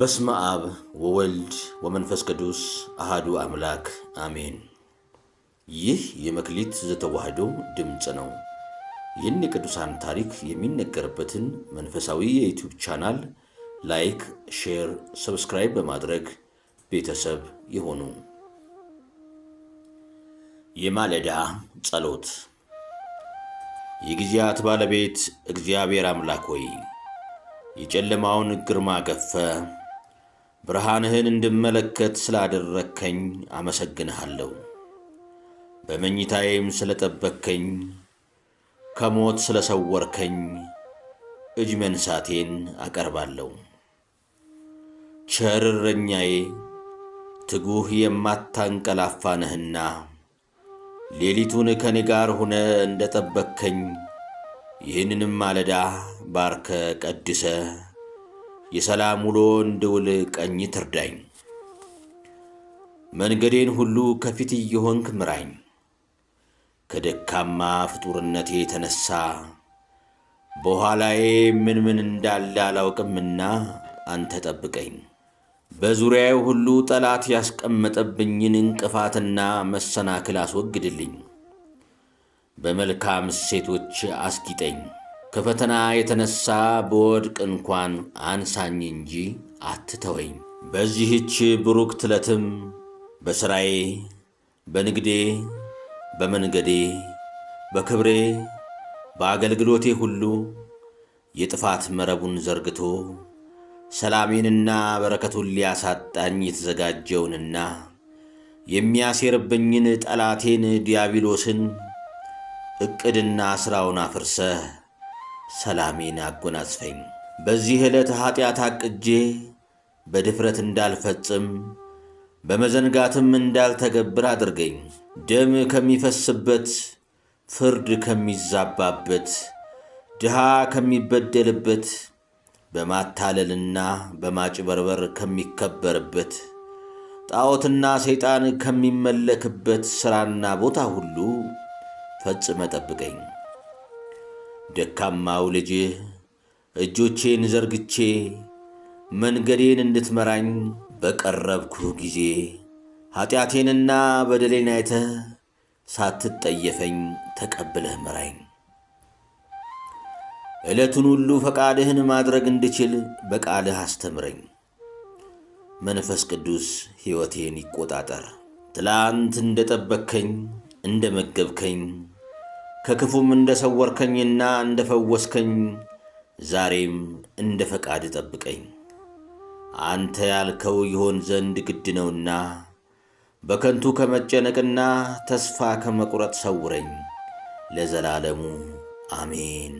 በስመ አብ ወወልድ ወመንፈስ ቅዱስ አሃዱ አምላክ አሜን። ይህ የመክሊት ዘተዋህዶ ድምፅ ነው። ይህን የቅዱሳን ታሪክ የሚነገርበትን መንፈሳዊ የዩቲዩብ ቻናል ላይክ፣ ሼር፣ ሰብስክራይብ በማድረግ ቤተሰብ ይሆኑ። የማለዳ ጸሎት። የጊዜያት ባለቤት እግዚአብሔር አምላክ ሆይ የጨለማውን ግርማ ገፈ ብርሃንህን እንድመለከት ስላደረግከኝ አመሰግንሃለሁ። በመኝታዬም ስለጠበከኝ ከሞት ስለሰወርከኝ እጅ መንሳቴን አቀርባለሁ። ቸር እረኛዬ ትጉህ የማታንቀላፋ ነህና ሌሊቱን ከኔ ጋር ሆነ እንደ ጠበከኝ ይህንንም ማለዳ ባርከ ቀድሰ የሰላም ውሎ እንድውል ቀኝ ትርዳኝ። መንገዴን ሁሉ ከፊት እየሆንክ ምራኝ። ከደካማ ፍጡርነቴ የተነሳ በኋላዬ ምን ምን እንዳለ አላውቅምና አንተ ጠብቀኝ። በዙሪያዬ ሁሉ ጠላት ያስቀመጠብኝን እንቅፋትና መሰናክል አስወግድልኝ። በመልካም እሴቶች አስጊጠኝ። ከፈተና የተነሳ በወድቅ እንኳን አንሳኝ እንጂ አትተወኝ። በዚህች ብሩክ ትለትም በሥራዬ፣ በንግዴ፣ በመንገዴ፣ በክብሬ፣ በአገልግሎቴ ሁሉ የጥፋት መረቡን ዘርግቶ ሰላሜንና በረከቱን ሊያሳጣኝ የተዘጋጀውንና የሚያሴርብኝን ጠላቴን ዲያብሎስን ዕቅድና ሥራውን አፍርሰህ ሰላሜን አጎናጽፈኝ። በዚህ ዕለት ኀጢአት አቅጄ በድፍረት እንዳልፈጽም በመዘንጋትም እንዳልተገብር አድርገኝ። ደም ከሚፈስበት፣ ፍርድ ከሚዛባበት፣ ድሃ ከሚበደልበት፣ በማታለልና በማጭበርበር ከሚከበርበት፣ ጣዖትና ሰይጣን ከሚመለክበት ሥራና ቦታ ሁሉ ፈጽመ ጠብቀኝ። ደካማው ልጅህ እጆቼን ዘርግቼ መንገዴን እንድትመራኝ በቀረብኩህ ጊዜ ኃጢአቴንና በደሌን አይተህ ሳትጠየፈኝ ተቀብለህ ምራኝ። ዕለቱን ሁሉ ፈቃድህን ማድረግ እንድችል በቃልህ አስተምረኝ። መንፈስ ቅዱስ ሕይወቴን ይቆጣጠር። ትላንት እንደ ጠበከኝ እንደ መገብከኝ ከክፉም እንደ ሰወርከኝና እንደ ፈወስከኝ ዛሬም እንደ ፈቃድ ጠብቀኝ። አንተ ያልከው ይሆን ዘንድ ግድ ነውና በከንቱ ከመጨነቅና ተስፋ ከመቁረጥ ሰውረኝ። ለዘላለሙ አሜን።